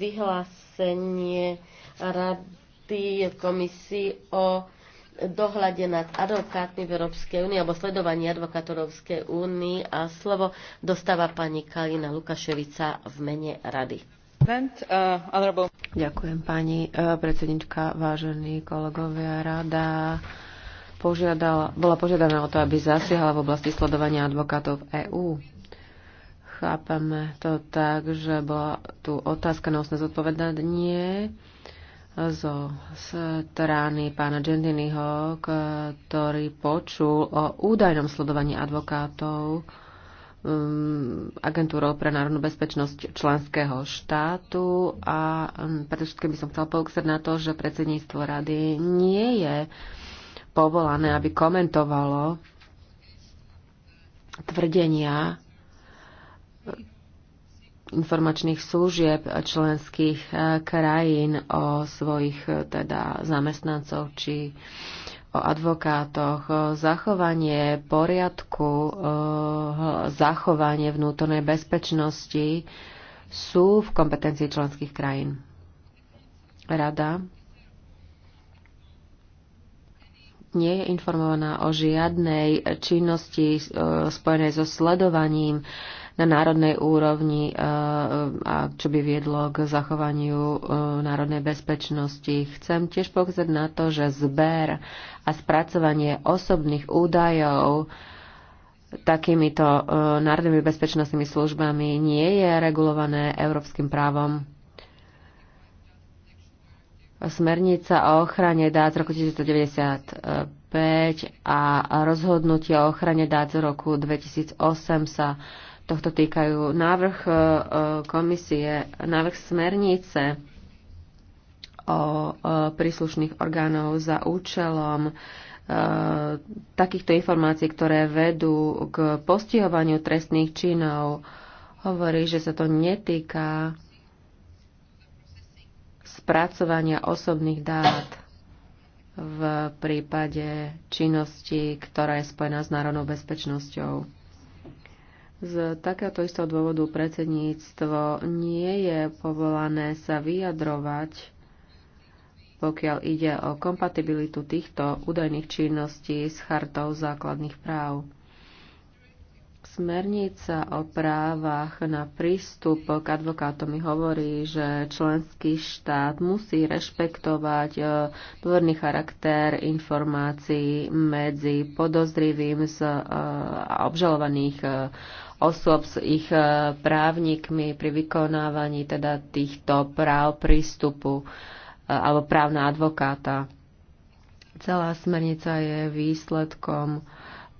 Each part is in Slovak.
vyhlásenie Rady komisii o dohľade nad advokátmi v Európskej únii alebo sledovaní advokátov Európskej únii a slovo dostáva pani Kalina Lukaševica v mene Rady. Uh, Ďakujem pani uh, predsednička, vážení kolegovia, rada požiadala, bola požiadaná o to, aby zasiahala v oblasti sledovania advokátov v EÚ. Chápame to tak, že bola tu otázka na osne zodpovedanie zo strany pána Gentiniho, ktorý počul o údajnom sledovaní advokátov um, agentúrou pre národnú bezpečnosť členského štátu a um, predovšetkým by som chcel poukázať na to, že predsedníctvo rady nie je povolané, aby komentovalo tvrdenia informačných služieb členských e, krajín o svojich e, teda zamestnancov či o advokátoch, e, zachovanie poriadku, zachovanie vnútornej bezpečnosti sú v kompetencii členských krajín. Rada nie je informovaná o žiadnej činnosti spojenej so sledovaním na národnej úrovni, e, a čo by viedlo k zachovaniu e, národnej bezpečnosti. Chcem tiež pokazať na to, že zber a spracovanie osobných údajov takýmito e, národnými bezpečnostnými službami nie je regulované európskym právom. Smernica o ochrane dát z roku 1995 a rozhodnutie o ochrane dát z roku 2008 sa tohto týkajú. Návrh e, e, komisie, návrh smernice o e, príslušných orgánov za účelom takýchto informácií, ktoré vedú k postihovaniu trestných činov, hovorí, že sa to netýka spracovania osobných dát v prípade činnosti, ktorá je spojená s národnou bezpečnosťou. Z takéhoto istého dôvodu predsedníctvo nie je povolané sa vyjadrovať, pokiaľ ide o kompatibilitu týchto údajných činností s chartou základných práv. Smernica o právach na prístup k advokátom hovorí, že členský štát musí rešpektovať e, dôverný charakter informácií medzi podozrivým z e, obžalovaných e, osôb s ich e, právnikmi pri vykonávaní teda týchto práv prístupu e, alebo práv na advokáta. Celá smernica je výsledkom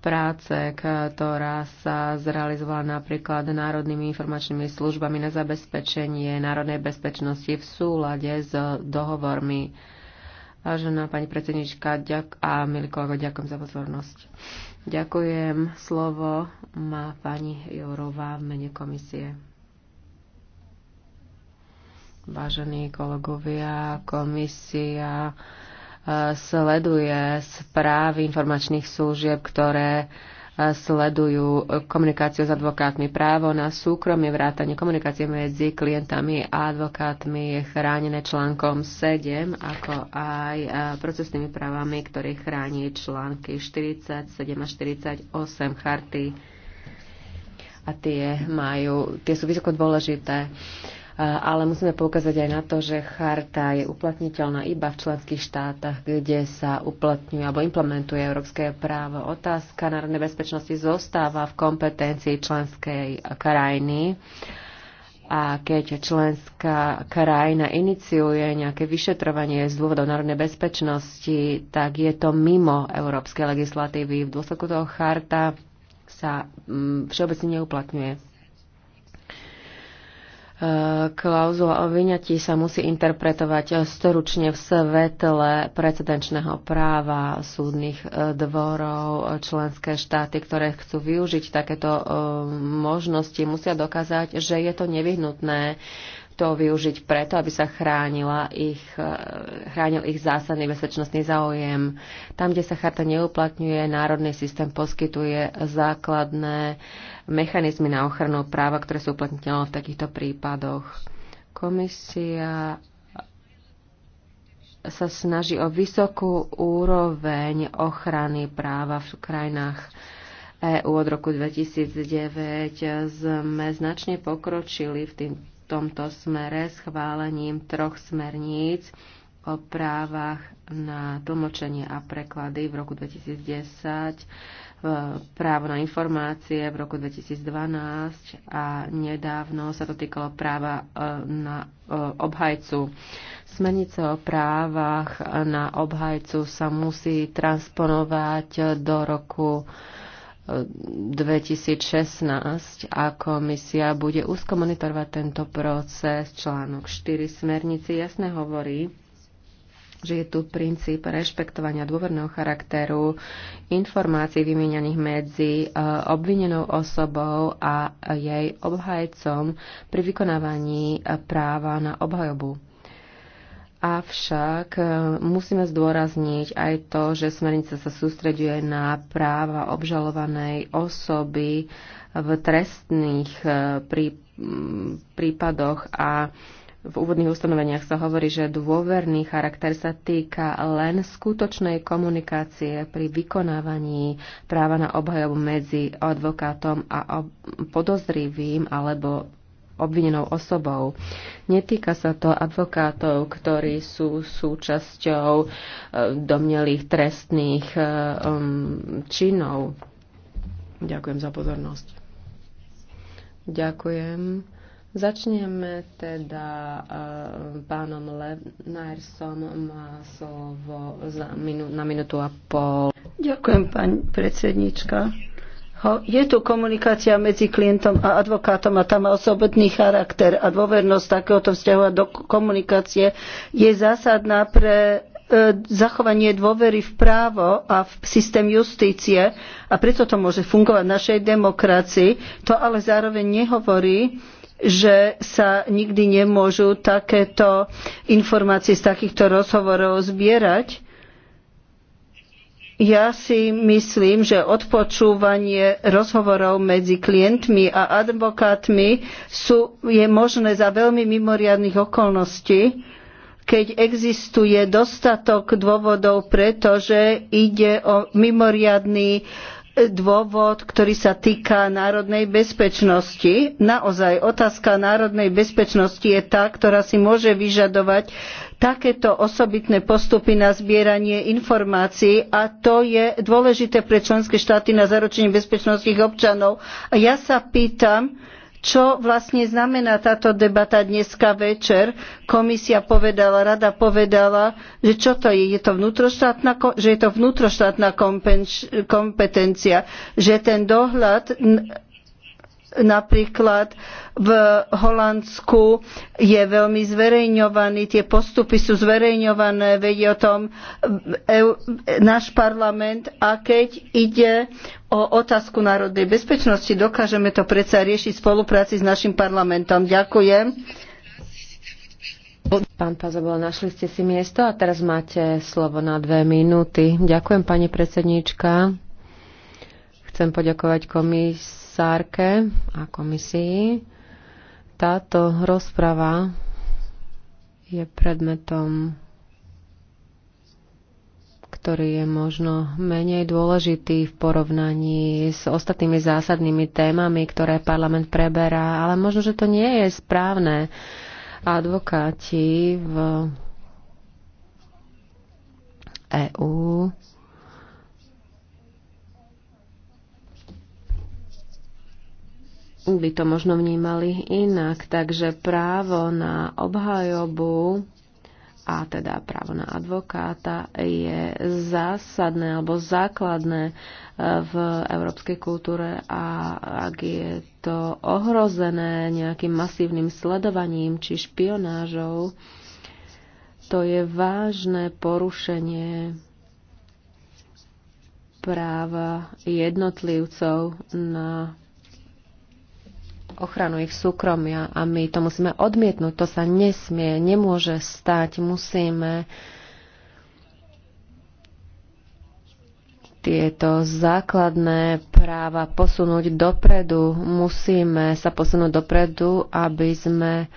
práce, ktorá sa zrealizovala napríklad národnými informačnými službami na zabezpečenie národnej bezpečnosti v súlade s dohovormi. Vážená pani predsednička, ďak a milí kolego, ďakujem za pozornosť. Ďakujem. Slovo má pani Jourová v mene komisie. Vážení kolegovia, komisia eh, sleduje správy informačných služieb, ktoré sledujú komunikáciu s advokátmi. Právo na súkromie vrátanie komunikácie medzi klientami a advokátmi je chránené článkom 7, ako aj e, procesnými právami, ktoré chráni články 47 a 48 charty a tie, majú, tie sú vysoko dôležité. Uh, ale musíme poukázať aj na to, že charta je uplatniteľná iba v členských štátach, kde sa uplatňuje alebo implementuje európske právo. Otázka národnej bezpečnosti zostáva v kompetencii členskej krajiny a keď členská krajina iniciuje nejaké vyšetrovanie z dôvodov národnej bezpečnosti, tak je to mimo európskej legislatívy. V dôsledku toho charta sa mm, všeobecne neuplatňuje klauzula o vyňatí sa musí interpretovať storučne v svetle precedenčného práva súdnych e, dvorov. Členské štáty, ktoré chcú využiť takéto e, možnosti, musia dokázať, že je to nevyhnutné to využiť preto, aby sa chránila ich, e, chránil ich zásadný bezpečnostný záujem. Tam, kde sa charta neuplatňuje, národný systém poskytuje základné mechanizmy na ochranu práva, ktoré sú uplatniteľné v takýchto prípadoch. Komisia sa snaží o vysokú úroveň ochrany práva v krajinách EÚ od roku 2009 sme značne pokročili v tým, tomto smere schválením troch smerníc o právach na tlmočenie a preklady v roku 2010, právo na informácie v roku 2012 a nedávno sa to týkalo práva e, na e, obhajcu. Smernice o právach na obhajcu sa musí transponovať do roku 2016 a komisia bude úzko monitorovať tento proces. Článok 4 smernici jasne hovorí, že je tu princíp rešpektovania dôverného charakteru informácií vymienianých medzi e, obvinenou osobou a jej obhajcom pri vykonávaní e, práva na obhajobu. Avšak e, musíme zdôrazniť aj to, že smernica sa sústreďuje na práva obžalovanej osoby v trestných e, prípadoch a v úvodných ustanoveniach sa hovorí, že dôverný charakter sa týka len skutočnej komunikácie pri vykonávaní práva na obhajobu medzi advokátom a podozrivým alebo obvinenou osobou. Netýka sa to advokátov, ktorí sú súčasťou e, domnelých trestných e, um, činov. Ďakujem za pozornosť. Ďakujem. Začneme teda e, pánom Levnársom má slovo minu- na minútu a pol. Ďakujem, pani predsednička. Je tu komunikácia medzi klientom a advokátom a tam má osobitný charakter a dôvernosť takéhoto vzťahu a do komunikácie je zásadná pre e, zachovanie dôvery v právo a v systém justície a preto to môže fungovať v našej demokracii. To ale zároveň nehovorí, že sa nikdy nemôžu takéto informácie z takýchto rozhovorov zbierať ja si myslím, že odpočúvanie rozhovorov medzi klientmi a advokátmi sú, je možné za veľmi mimoriadnych okolností, keď existuje dostatok dôvodov, pretože ide o mimoriadný dôvod, ktorý sa týka národnej bezpečnosti. Naozaj, otázka národnej bezpečnosti je tá, ktorá si môže vyžadovať takéto osobitné postupy na zbieranie informácií a to je dôležité pre členské štáty na zaručenie bezpečnosti ich občanov. A ja sa pýtam, čo vlastne znamená táto debata dneska večer. Komisia povedala, rada povedala, že čo to je, je to vnútroštátna, že je to vnútroštátna kompetencia, že ten dohľad Napríklad v Holandsku je veľmi zverejňovaný, tie postupy sú zverejňované, vedie o tom e, náš parlament a keď ide o otázku národnej bezpečnosti, dokážeme to predsa riešiť v spolupráci s našim parlamentom. Ďakujem. Pán Pazobol, našli ste si miesto a teraz máte slovo na dve minúty. Ďakujem, pani predsedníčka. Chcem poďakovať komisii komisárke a komisii. Táto rozprava je predmetom, ktorý je možno menej dôležitý v porovnaní s ostatnými zásadnými témami, ktoré parlament preberá, ale možno, že to nie je správne. Advokáti v EU by to možno vnímali inak. Takže právo na obhajobu a teda právo na advokáta je zásadné alebo základné e, v európskej kultúre a ak je to ohrozené nejakým masívnym sledovaním či špionážou, to je vážne porušenie práva jednotlivcov na ochranu ich súkromia a my to musíme odmietnúť. To sa nesmie, nemôže stať. Musíme tieto základné práva posunúť dopredu. Musíme sa posunúť dopredu, aby sme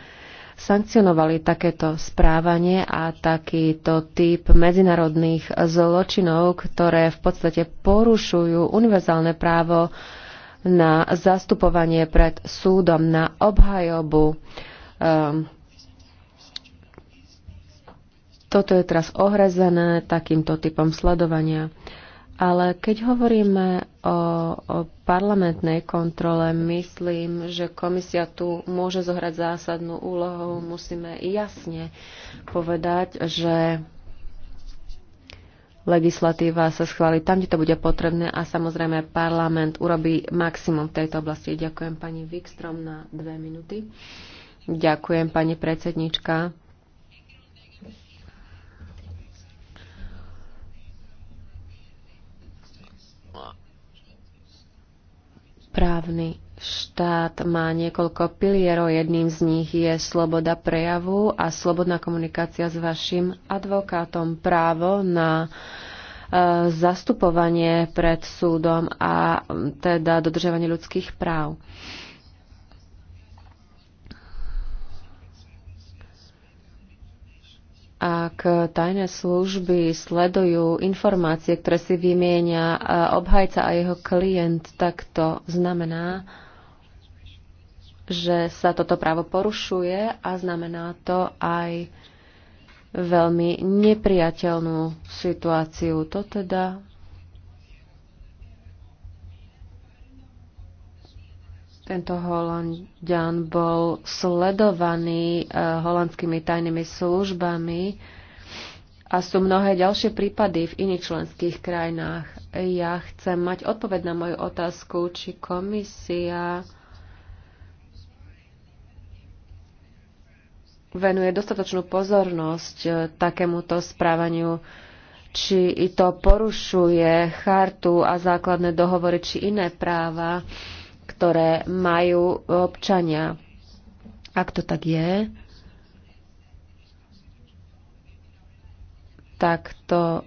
sankcionovali takéto správanie a takýto typ medzinárodných zločinov, ktoré v podstate porušujú univerzálne právo na zastupovanie pred súdom, na obhajobu. Um, toto je teraz ohrezené takýmto typom sledovania. Ale keď hovoríme o, o parlamentnej kontrole, myslím, že komisia tu môže zohrať zásadnú úlohu. Musíme jasne povedať, že legislatíva sa schváli tam, kde to bude potrebné a samozrejme parlament urobí maximum v tejto oblasti. Ďakujem pani Wikstrom na dve minúty. Ďakujem pani predsednička. Právny Štát má niekoľko pilierov, jedným z nich je sloboda prejavu a slobodná komunikácia s vašim advokátom, právo na e, zastupovanie pred súdom a teda dodržovanie ľudských práv. ak tajné služby sledujú informácie, ktoré si vymieňa e, obhajca a jeho klient, tak to znamená, že sa toto právo porušuje a znamená to aj veľmi nepriateľnú situáciu. To teda Tento Holandian bol sledovaný eh, holandskými tajnými službami a sú mnohé ďalšie prípady v iných členských krajinách. Ja chcem mať odpoveď na moju otázku, či komisia venuje dostatočnú pozornosť e, takémuto správaniu, či i to porušuje chartu a základné dohovory, či iné práva, ktoré majú občania. Ak to tak je, tak to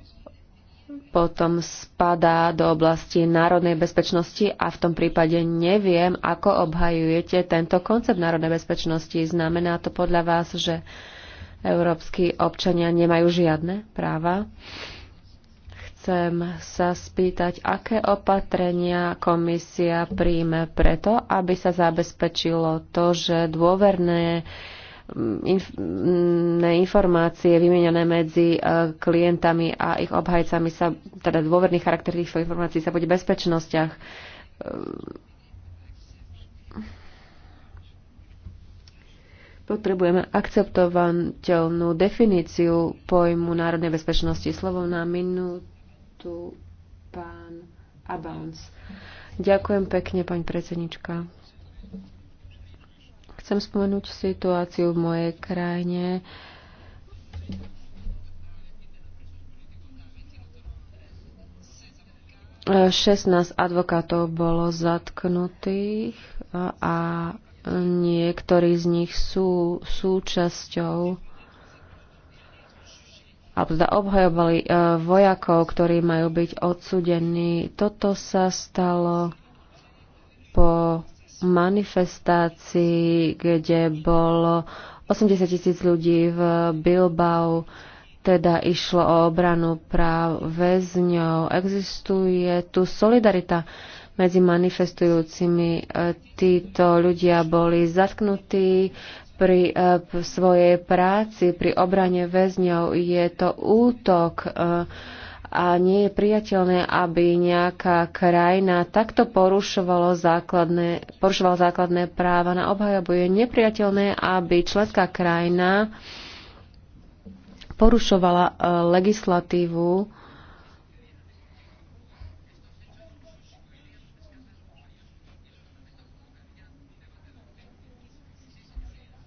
potom spadá do oblasti národnej bezpečnosti a v tom prípade neviem, ako obhajujete tento koncept národnej bezpečnosti. Znamená to podľa vás, že európsky občania nemajú žiadne práva? Chcem sa spýtať, aké opatrenia komisia príjme preto, aby sa zabezpečilo to, že dôverné Mm, informácie vymenené medzi e, klientami a ich obhajcami sa, teda dôverný charakter týchto informácií sa bude v bezpečnostiach. E, potrebujeme akceptovateľnú definíciu pojmu národnej bezpečnosti. Slovo na minútu pán Abans. Ďakujem pekne, pani predsednička. Chcem spomenúť situáciu v mojej krajine. Šestnásť advokátov bolo zatknutých a niektorí z nich sú súčasťou alebo teda obhajovali eh, vojakov, ktorí majú byť odsudení. Toto sa stalo manifestácii, kde bolo 80 tisíc ľudí v Bilbao, teda išlo o obranu práv väzňov. Existuje tu solidarita medzi manifestujúcimi. Títo ľudia boli zatknutí pri eh, svojej práci, pri obrane väzňov. Je to útok eh, a nie je priateľné, aby nejaká krajina takto porušovala základné, porušovala základné práva na obhajobu. Je nepriateľné, aby členská krajina porušovala e, legislatívu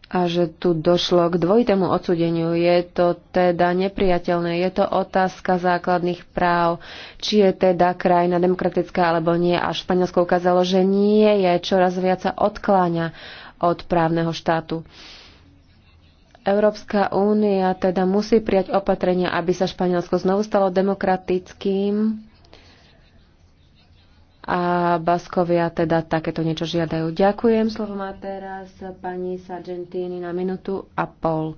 a že tu došlo k dvojitému odsudeniu. Je to teda nepriateľné. Je to otázka základných práv, či je teda krajina demokratická alebo nie. A Španielsko ukázalo, že nie je. Čoraz viac sa odkláňa od právneho štátu. Európska únia teda musí prijať opatrenia, aby sa Španielsko znovu stalo demokratickým a Baskovia teda takéto niečo žiadajú. Ďakujem. Slovo má teraz pani Sargentini na minútu a pol.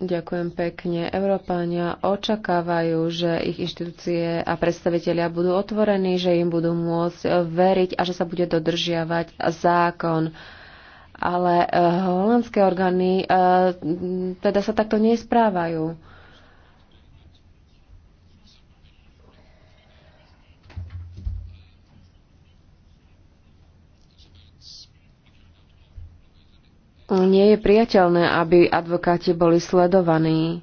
Ďakujem pekne. Európania očakávajú, že ich inštitúcie a predstavitelia budú otvorení, že im budú môcť veriť a že sa bude dodržiavať zákon. Ale eh, holandské orgány eh, teda sa takto nesprávajú Nie je priateľné, aby advokáti boli sledovaní.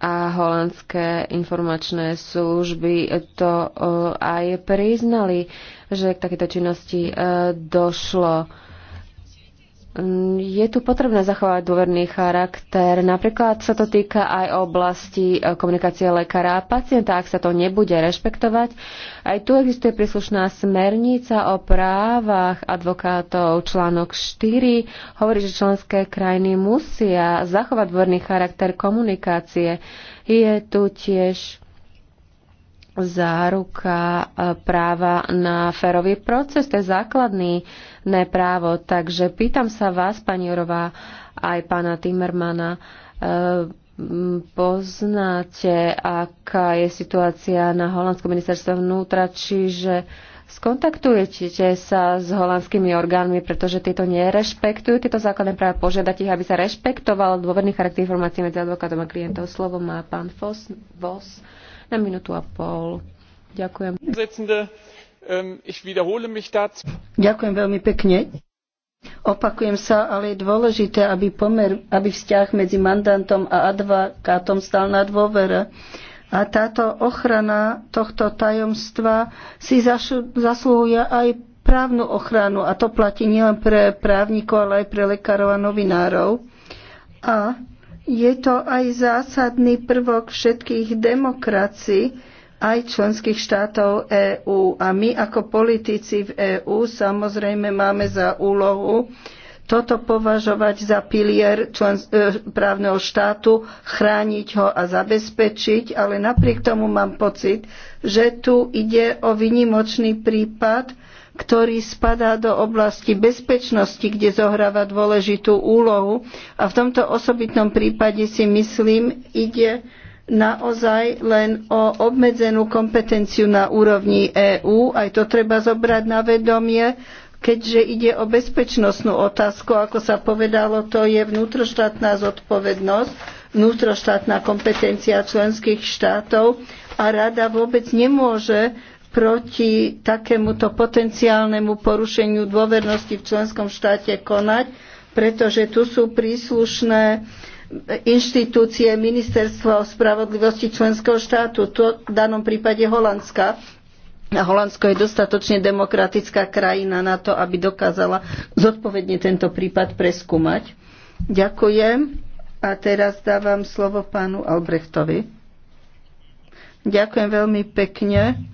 A holandské informačné služby to eh, aj priznali, že k takéto činnosti eh, došlo je tu potrebné zachovať dôverný charakter. Napríklad sa to týka aj oblasti e, komunikácie lekára a pacienta. Ak sa to nebude rešpektovať, aj tu existuje príslušná smernica o právach advokátov. Článok 4 hovorí, že členské krajiny musia zachovať dôverný charakter komunikácie. Je tu tiež záruka e, práva na férový proces. To je základný právo. Takže pýtam sa vás, pani Jurová, aj pána Timmermana, e, poznáte, aká je situácia na Holandskom ministerstve vnútra, čiže skontaktujete sa s holandskými orgánmi, pretože tieto nerešpektujú tieto základné práva, požiadať ich, aby sa rešpektoval dôverný charakter informácií medzi advokátom a klientom. Slovo má pán Fos, Vos. Uh, na minútu a pol. Ďakujem. Ďakujem veľmi pekne. Opakujem sa, ale je dôležité, aby, pomer, aby vzťah medzi mandantom a advokátom stal na dôvere. A táto ochrana tohto tajomstva si zasluhuje aj právnu ochranu. A to platí nielen pre právnikov, ale aj pre lekárov a novinárov. A je to aj zásadný prvok všetkých demokracií, aj členských štátov EÚ. A my ako politici v EÚ samozrejme máme za úlohu toto považovať za pilier člen, e, právneho štátu, chrániť ho a zabezpečiť, ale napriek tomu mám pocit, že tu ide o vynimočný prípad, ktorý spadá do oblasti bezpečnosti, kde zohráva dôležitú úlohu. A v tomto osobitnom prípade si myslím, ide naozaj len o obmedzenú kompetenciu na úrovni EÚ. Aj to treba zobrať na vedomie, keďže ide o bezpečnostnú otázku. Ako sa povedalo, to je vnútroštátna zodpovednosť, vnútroštátna kompetencia členských štátov a rada vôbec nemôže proti takémuto potenciálnemu porušeniu dôvernosti v členskom štáte konať, pretože tu sú príslušné inštitúcie Ministerstva spravodlivosti členského štátu, to v danom prípade Holandska. A Holandsko je dostatočne demokratická krajina na to, aby dokázala zodpovedne tento prípad preskúmať. Ďakujem. A teraz dávam slovo pánu Albrechtovi. Ďakujem veľmi pekne.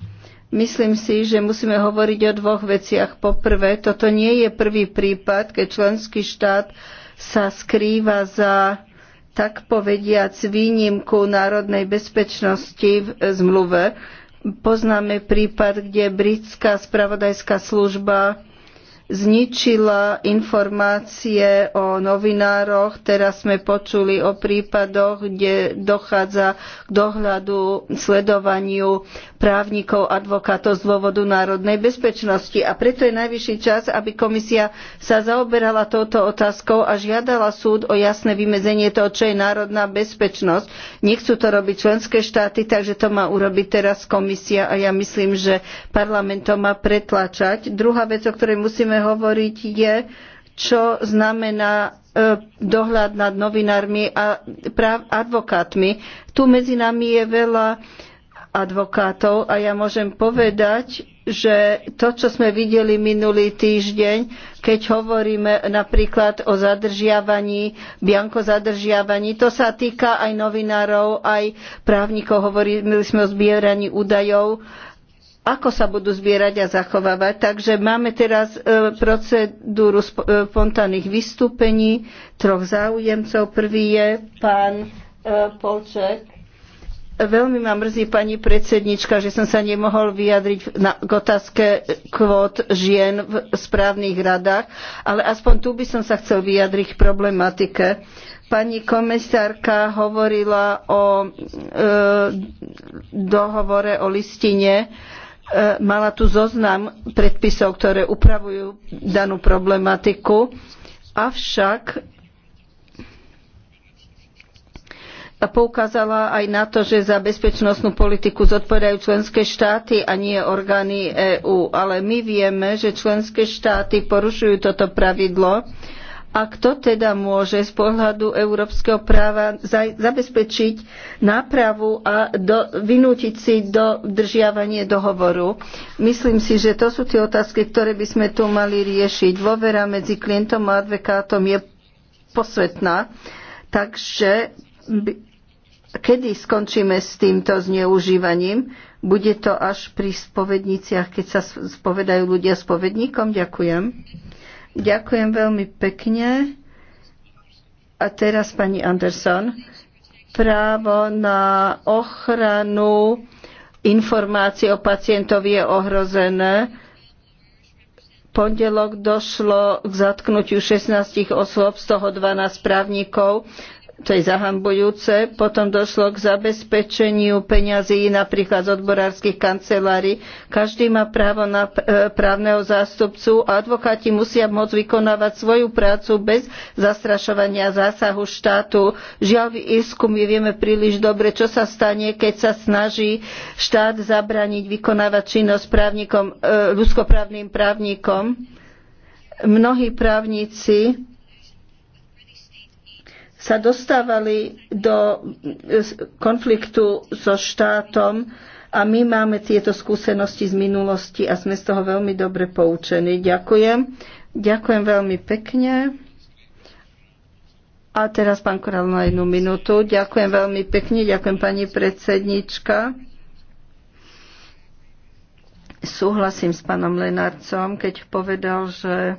Myslím si, že musíme hovoriť o dvoch veciach. Poprvé, toto nie je prvý prípad, keď členský štát sa skrýva za tak povediac výnimku národnej bezpečnosti v zmluve. Poznáme prípad, kde britská spravodajská služba zničila informácie o novinároch. Teraz sme počuli o prípadoch, kde dochádza k dohľadu, sledovaniu právnikov, advokátov z dôvodu národnej bezpečnosti. A preto je najvyšší čas, aby komisia sa zaoberala touto otázkou a žiadala súd o jasné vymedzenie toho, čo je národná bezpečnosť. Nechcú to robiť členské štáty, takže to má urobiť teraz komisia a ja myslím, že parlament to má pretlačať. Druhá vec, o ktorej musíme hovoriť, je, čo znamená e, dohľad nad novinármi a práv advokátmi. Tu medzi nami je veľa advokátov a ja môžem povedať, že to, čo sme videli minulý týždeň, keď hovoríme napríklad o zadržiavaní, bianko zadržiavaní, to sa týka aj novinárov, aj právnikov, hovorili sme o zbieraní údajov ako sa budú zbierať a zachovávať. Takže máme teraz e, procedúru e, spontánnych vystúpení troch záujemcov. Prvý je pán e, Polček. Veľmi ma mrzí pani predsednička, že som sa nemohol vyjadriť na, k otázke kvót žien v správnych radách, ale aspoň tu by som sa chcel vyjadriť k problematike. Pani komisárka hovorila o e, dohovore o listine E, mala tu zoznam predpisov, ktoré upravujú danú problematiku, avšak poukázala aj na to, že za bezpečnostnú politiku zodpovedajú členské štáty a nie orgány EÚ. Ale my vieme, že členské štáty porušujú toto pravidlo a kto teda môže z pohľadu európskeho práva zabezpečiť nápravu a do, vynútiť si do držiavanie dohovoru? Myslím si, že to sú tie otázky, ktoré by sme tu mali riešiť. Dôvera medzi klientom a advokátom je posvetná, takže kedy skončíme s týmto zneužívaním? Bude to až pri spovedniciach, keď sa spovedajú ľudia spovedníkom? Ďakujem. Ďakujem veľmi pekne. A teraz pani Anderson. Právo na ochranu informácií o pacientovi je ohrozené pondelok došlo k zatknutiu 16 osôb, z toho 12 právnikov to je zahambujúce. Potom došlo k zabezpečeniu peňazí napríklad z odborárskych kancelárií. Každý má právo na e, právneho zástupcu a advokáti musia môcť vykonávať svoju prácu bez zastrašovania zásahu štátu. Žiaľ v Írsku my vieme príliš dobre, čo sa stane, keď sa snaží štát zabrániť vykonávať činnosť právnikom, e, ľudskoprávnym právnikom. Mnohí právnici sa dostávali do e, konfliktu so štátom a my máme tieto skúsenosti z minulosti a sme z toho veľmi dobre poučení. Ďakujem. Ďakujem veľmi pekne. A teraz pán Korál na jednu minútu. Ďakujem veľmi pekne. Ďakujem pani predsednička. Súhlasím s pánom Lenarcom, keď povedal, že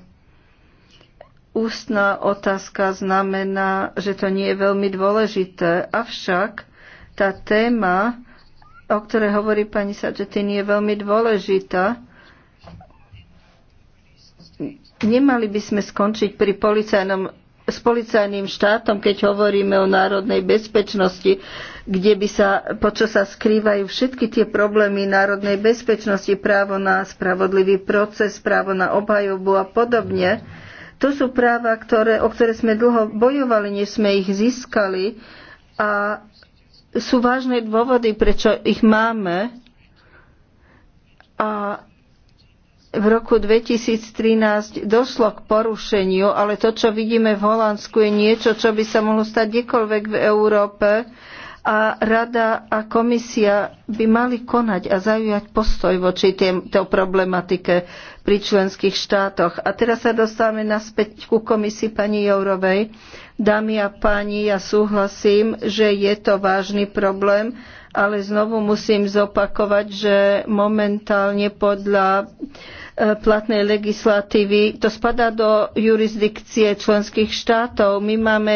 Ústná otázka znamená, že to nie je veľmi dôležité, avšak tá téma, o ktorej hovorí pani Sačetín, je veľmi dôležitá. Nemali by sme skončiť pri policajnom, s policajným štátom, keď hovoríme o národnej bezpečnosti, kde by sa, po čo sa skrývajú všetky tie problémy národnej bezpečnosti, právo na spravodlivý proces, právo na obhajobu a podobne to sú práva, ktoré, o ktoré sme dlho bojovali, než sme ich získali a sú vážne dôvody, prečo ich máme. A v roku 2013 došlo k porušeniu, ale to, čo vidíme v Holandsku, je niečo, čo by sa mohlo stať kdekoľvek v Európe a rada a komisia by mali konať a zaujať postoj voči tejto problematike pri členských štátoch. A teraz sa dostávame naspäť ku komisii pani Jourovej. Dámy a páni, ja súhlasím, že je to vážny problém, ale znovu musím zopakovať, že momentálne podľa e, platnej legislatívy to spadá do jurisdikcie členských štátov. My máme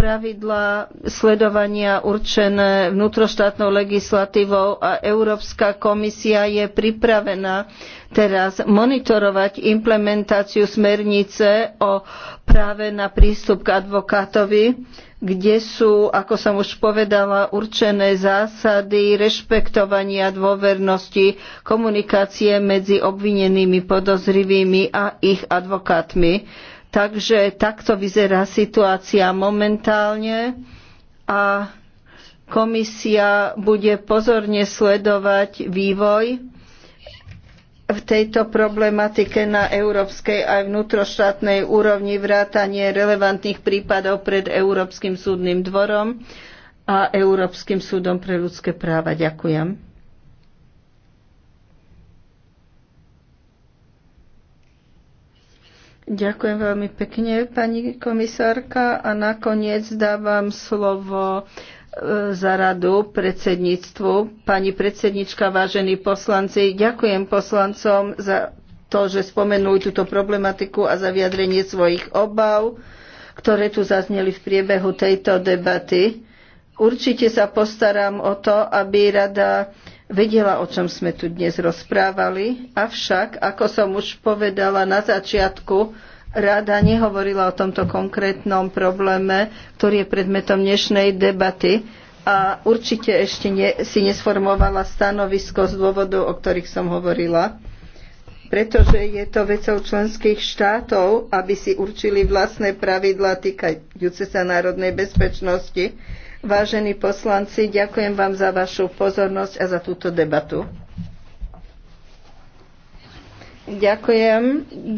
pravidlá sledovania určené vnútroštátnou legislatívou a Európska komisia je pripravená teraz monitorovať implementáciu smernice o práve na prístup k advokátovi, kde sú, ako som už povedala, určené zásady rešpektovania dôvernosti komunikácie medzi obvinenými podozrivými a ich advokátmi Takže takto vyzerá situácia momentálne a komisia bude pozorne sledovať vývoj v tejto problematike na európskej aj vnútroštátnej úrovni vrátanie relevantných prípadov pred Európskym súdnym dvorom a Európskym súdom pre ľudské práva. Ďakujem. Ďakujem veľmi pekne, pani komisárka. A nakoniec dávam slovo e, za radu predsedníctvu. Pani predsednička, vážení poslanci, ďakujem poslancom za to, že spomenuli túto problematiku a za vyjadrenie svojich obav, ktoré tu zazneli v priebehu tejto debaty. Určite sa postaram o to, aby rada vedela, o čom sme tu dnes rozprávali, avšak, ako som už povedala na začiatku, rada nehovorila o tomto konkrétnom probléme, ktorý je predmetom dnešnej debaty a určite ešte ne, si nesformovala stanovisko z dôvodov, o ktorých som hovorila, pretože je to vecou členských štátov, aby si určili vlastné pravidlá týkajúce sa národnej bezpečnosti. Vážení poslanci, ďakujem vám za vašu pozornosť a za túto debatu. Ďakujem.